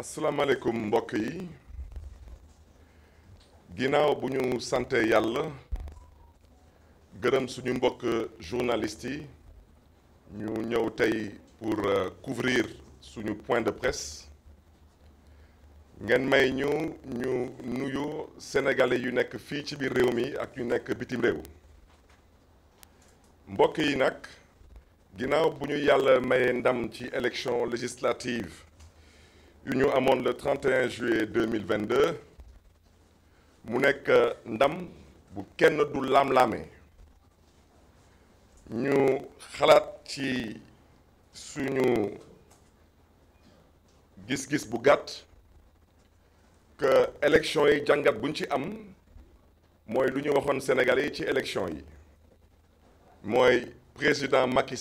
asalaamaaleykum mbokk yi ginnaaw bu ñu sante yàlla gërëm suñu mbokk journalistes yi ñu ñëw tey pour euh, couvrir suñu point de presse ngeen may ñu ñu nuyu sénégalais yu nekk fii ci biir réew mi ak yu nekk bitim réew mbokk yi nag ginnaaw bu ñu yàlla mayee ndam ci élection législative yu ñu amoon le 31 juillet 2022 mu nekk ndam bu kenn du laam-laame ñu xalaat ci suñu gis-gis bu gàtt que élection yi jàngat buñ ci am mooy lu ñu waxoon Sénégalais ci élection yi mooy président Macky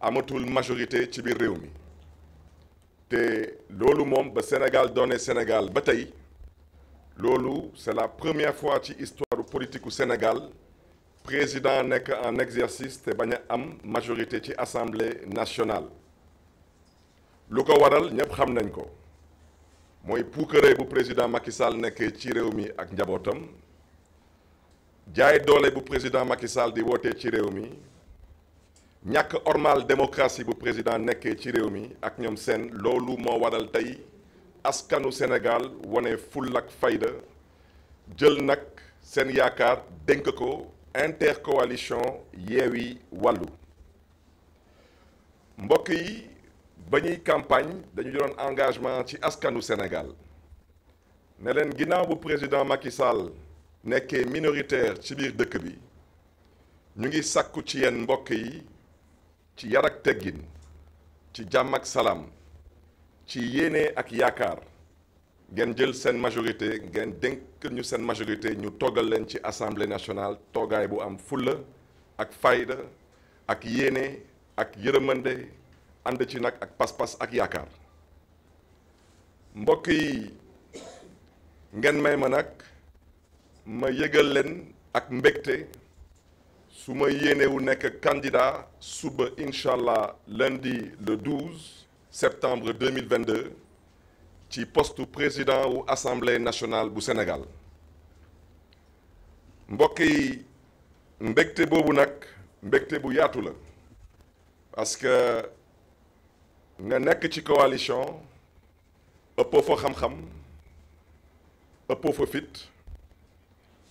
amatul majorité ci biir réew mi te loolu moom ba Sénégal doone Sénégal ba tey loolu c'est la première fois ci histoire politique Sénégal président nekk en exercice te bañ a am majorité ci assemblée nationale lu ko waral ñëpp xam nañ ko mooy puukare bu président Macky Sall nekkee ci réew mi ak njabootam jaay doole bu président Macky Sall di wootee ci réew mi ñàkk ormal démocratie bu président nekkee ci réew mi ak ñoom seen loolu moo waral tey askanu Sénégal wane full ak fayda jël nag seen yaakaar dénk ko intercoalition Yewwi Wàllu mbokk yi ba ñuy campagne dañu jëloon engagement ci askanu Sénégal ne leen ginnaaw bu président Macky Sall nekkee minoritaire ci biir dëkk bi ñu ngi sàkku ci yenn mbokk yi ci yar ak teggin ci jàmm ak salaam ci yéene ak yaakaar ngeen jël seen majorité ngeen dénk ñu seen majorité ñu toggal leen ci assemblée nationale toogaay bu am fulla ak fayda ak yéene ak yërëmande ànd ci nag ak pas-pas ak yaakaar mbokk yi ngeen may ma nag ma yëgal leen ak mbégte su ma yéenewu nekk candidat suba incha allah lundi le 12 septembre 2022 ci poste président wu assemblée nationale bu Sénégal mbokk yi mbégte boobu nag mbégte bu yaatu la parce que nga nekk ci coalition ëppoo fa xam-xam ëppoo fa fit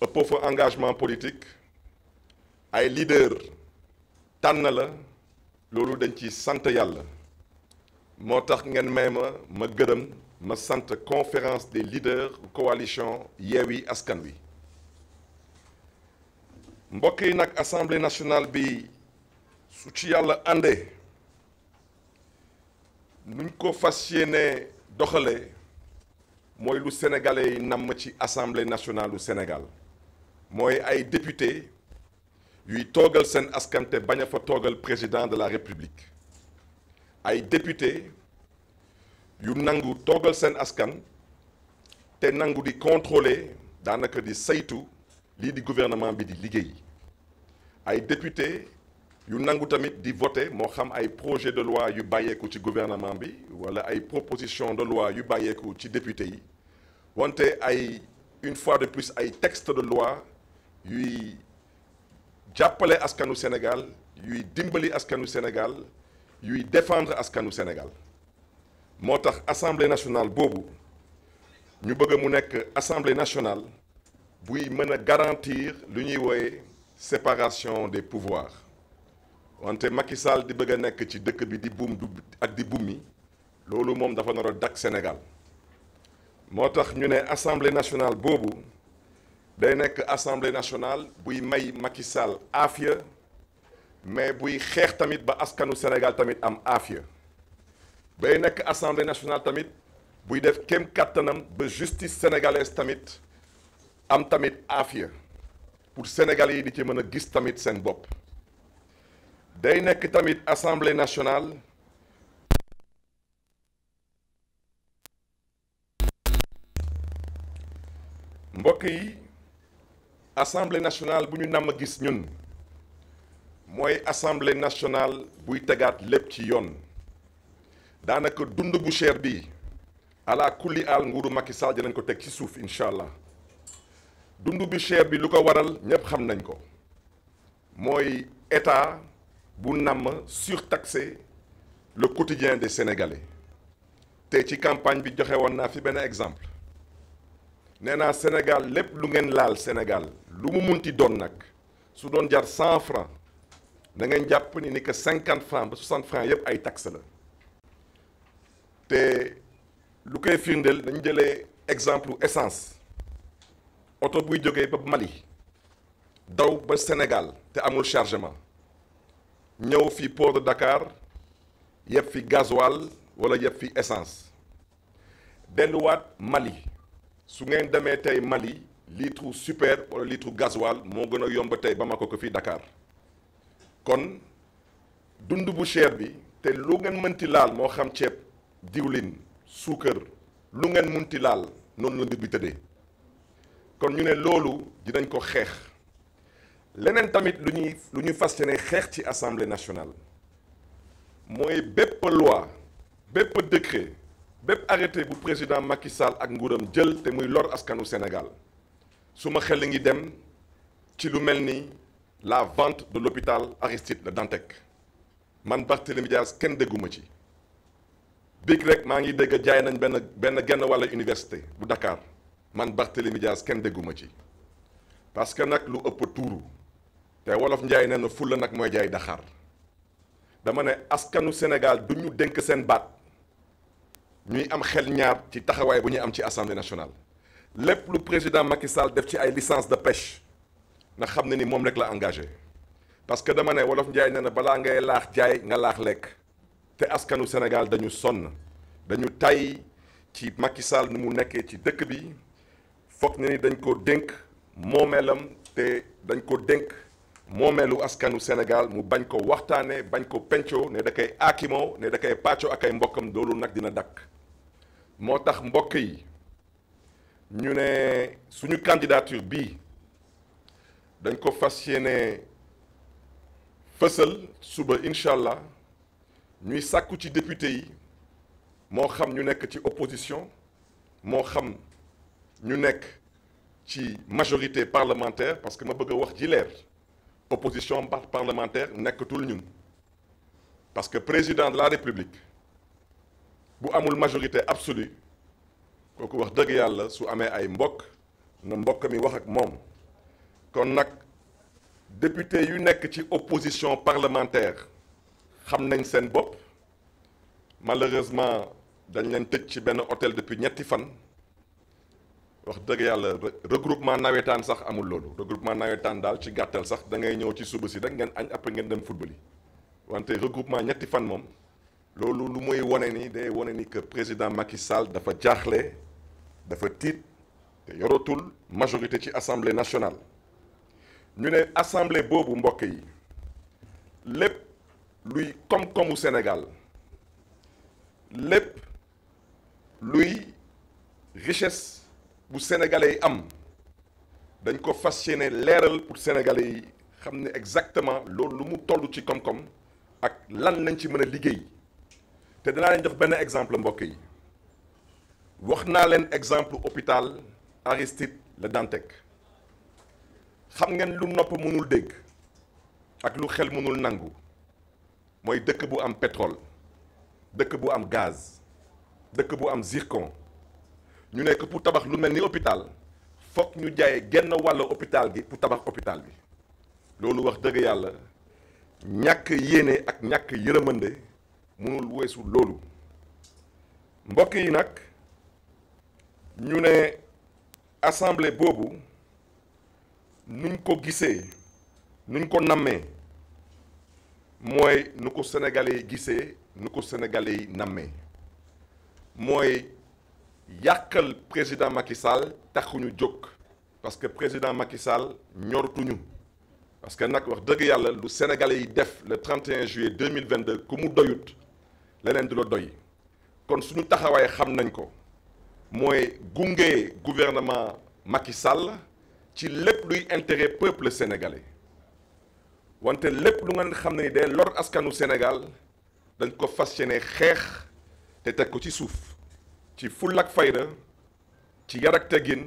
ëppoo fa engagement politique ay leader tànn la loolu dañ ci sant yàlla moo tax ngeen may ma ma gërëm ma sant conférence des leaders coalition Yewwi Askan Wi mbokk yi nag assemblée nationale bi su ci yàlla àndee nuñ ko fas yéene doxalee mooy lu sénégalais yi namm ci assemblée nationale du Sénégal mooy ay député yuy toogal seen askan te bañ a fa toogal président de la république ay député yu nangu toogal seen askan te nangu di contrôler daanaka di saytu lii di gouvernement bi di liggéey ay député yu nangu tamit di voter moo xam ay projet de loi yu bàyyeeku ci gouvernement bi wala ay proposition de loi yu bàyyeeku ci député yi wante ay une fois de plus ay texte de loi yuy jàppale askanu Sénégal yuy dimbali askanu Sénégal yuy défendre askanu Sénégal moo tax assemblée nationale boobu ñu bëgg mu nekk assemblée nationale buy mën a garantir lu ñuy wooye séparation des pouvoirs wante Macky Sall di bëgg a nekk ci dëkk bi di buum du ak di mi loolu moom dafa nar a dak Sénégal moo tax ñu ne assemblée nationale boobu day nekk assemblée nationale buy may makisal Sall mais buy xeex tamit ba askanu Sénégal tamit am aafiya bay nekk assemblée nationale tamit buy def kem kàttanam ba justice sénégalaise tamit am tamit aafiya pour sénégalais yi di ci mën a gis tamit seen bopp day nekk tamit assemblée nationale mbokk yi assemblée nationale bu ñu namm gis ñun mooy assemblée nationale buy tegaat lépp ci yoon daanaka dund bu cher bi ala kulli al nguuru Macky Sall dinañ ko teg ci suuf incha allah dund bu cher bi lu ko waral ñépp xam nañ ko mooy état bu namm surtaxer le quotidien de sénégalais te ci campagne bi joxe woon naa fi benn exemple nee naa Sénégal lépp lu ngeen laal senegal lu mu munti doon nag su doon jar 100 francs da ngeen jàpp ni ni que 50 francs ba 60 francs yëpp ay taxe la te lu koy firndeel dañu jëlee exemple essence oto buy jóge ba Mali daw ba senegal te amul chargement ñëw fi port de Dakar yëpp fi gasoil wala yëpp fi essence delluwaat Mali su ngeen demee tey Mali litre super wala litre gasoil moo gën a yomb tey ba Bamako ko fii Dakar kon dund bu cher bi te lu ngeen mënti laal moo xam ceeb diwlin suukar lu ngeen mënti laal noonu la mbir bi tëddee kon ñu ne loolu dinañ ko xeex leneen tamit lu ñuy lu ñu fas yéene xeex ci assemblée nationale mooy bépp loi bépp décret bépp arrêté bu président Macky Sall ak nguuram jël te muy lor askanu Sénégal su ma xel ngi dem ci lu mel ni la vente de l'hôpital Aristide Le Dantec man Barthélémy Dias kenn dégguma ci biig rek maa ngi dégg jaay nañ benn benn genn wàlla université bu Dakar man Barthélémy Dias kenn dégguma ci parce que nag lu ëpp tuuru te wolof njaay nee na fulla nag mooy jaay daxaar dama ne askanu Sénégal du ñu dénk seen baat ñuy am xel ñaar ci taxawaay bu ñuy am ci assemblée nationale lépp lu président Macky Sall def ci ay licence de pêche na xam ne ni moom rek la engagé parce que dama ne wolof Njaay nee na balaa ngay laax jaay nga laax lekk te askanu Sénégal dañu sonn dañu tay ci Macky Sall ni mu nekkee ci dëkk bi foog ne ni dañ ko dénk moomeelam te dañ ko dénk moomeelu askanu Sénégal mu bañ ko waxtaanee bañ ko pencoo ne da koy aakimoo ne da koy pàccoo ak ay mbokkam loolu nag dina dakk moo tax mbokk yi ñu ne suñu candidature bii dañ ko fas yéene fësal suba incha allah ñuy sàkku ci député yi moo xam ñu nekk ci opposition moo xam ñu nekk ci majorité parlementaire parce que ma bëgg a wax ji leer par parlementaire nekkatul ñun parce que président de la république bu amul majorité koo ko wax dëgg yàlla su amee ay mbokk na mbokk mi wax ak moom kon nag député yu nekk ci opposition parlementaire xam nañ seen bopp malheureusement dañ leen tëj ci benn hôtel depuis ñetti fan wax dëgg yàlla regroupement nawetaan sax amul loolu regroupement nawetaan daal ci gàttal sax da ngay ñëw ci suba si rek ngeen añ après ngeen dem football yi wante regroupement ñetti fan moom loolu lu muy wane ni day wane ni que président Macky Sall dafa jaaxle dafa tiit te yoratul majorité ci assemblée nationale ñu ne assemblée boobu mbokk yi lépp luy koom-koomu Sénégal lépp luy richesse bu sénégalais yi am dañ ko fas leeral pour sénégalais yi xam ne exactement loolu lu mu toll ci koom-koom ak lan lañ ci mën a liggéey. te dinaa leen jox benn exemple mbokk yi wax naa leen exemple hôpital Aristide Le Dantec xam ngeen lu nopp mënul dégg ak lu xel mënul nangu mooy dëkk bu am pétrole dëkk bu am gaz dëkk bu am zircon ñu nekk pour tabax lu mel ni hôpital fokk ñu jaay genn wàll hôpital gi pour tabax hôpital bi loolu wax dëgg yàlla ñàkk yéene ak ñàkk yërëmande mënul weesu loolu mbokk yi nag ñu ne assemblée boobu nuñ ko gisee nuñ ko nammee mooy nu ko sénégalais gisee nu ko sénégalais yi nammee mooy yàqal président Macky Sall taxuñu jóg parce que président Macky Sall ñortuñu parce que nag wax dëgg yàlla lu sénégalais yi def le 31 juillet 2022 ku mu doyut leneen du la doy kon suñu taxawaay xam nañ ko mooy gunge gouvernement Macky sàll ci lépp luy intérêt la sénégalais wante lépp lu ngeen xam ne ni day lor askanu Sénégal dañ ko fas yéene xeex te teg ko ci suuf ci fulla ak fayda ci yar ak teggin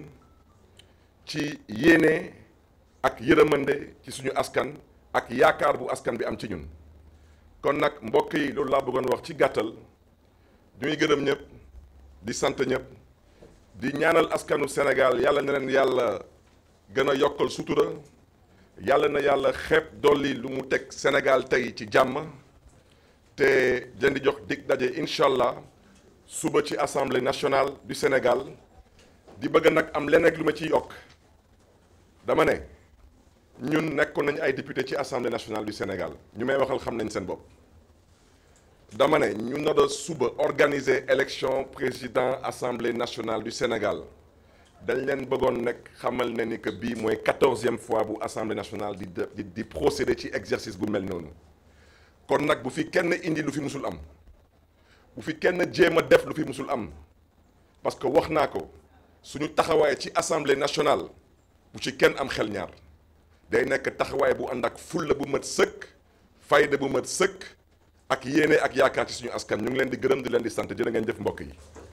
ci yéene ak yërëmande ci suñu askan ak yaakaar bu askan bi am ci ñun kon nag mbokk yi loolu laa bëggoon wax ci gàttal ñuy gërëm ñëpp di sant ñëpp di ñaanal askanu Sénégal yàlla na leen yàlla gën a yokkal sutura yàlla na yàlla xeeb dolli lu mu teg senegal tey ci jàmm te leen di jox dig daje incha allah suba ci assemblée nationale du Sénégal di bëgg nag am leneen ak lu ma ci yokk dama ne. ñun nekkoon nañu ay député ci assemblée nationale du Sénégal ñu may waxal xam nañ seen bopp dama ne ñu nar suba organiser élection président assemblée nationale du Sénégal dañ leen bëggoon nekk xamal ne ni que bii mooy quatorzième fois bu assemblée nationale di di di procéder ci exercice bu mel noonu kon nag bu fi kenn indi lu fi musul am bu fi kenn jéem a def lu fi musul am parce que wax naa ko suñu taxawaay ci assemblée nationale bu ci kenn am xel ñaar. day nekk taxawaay bu ànd ak fulla bu mat sëkk fayda bu mët sëkk ak yéene ak yaakaar ci suñu askan ñu ngi leen di gërëm di leen di sant jërë ngeen jëf mbokk yi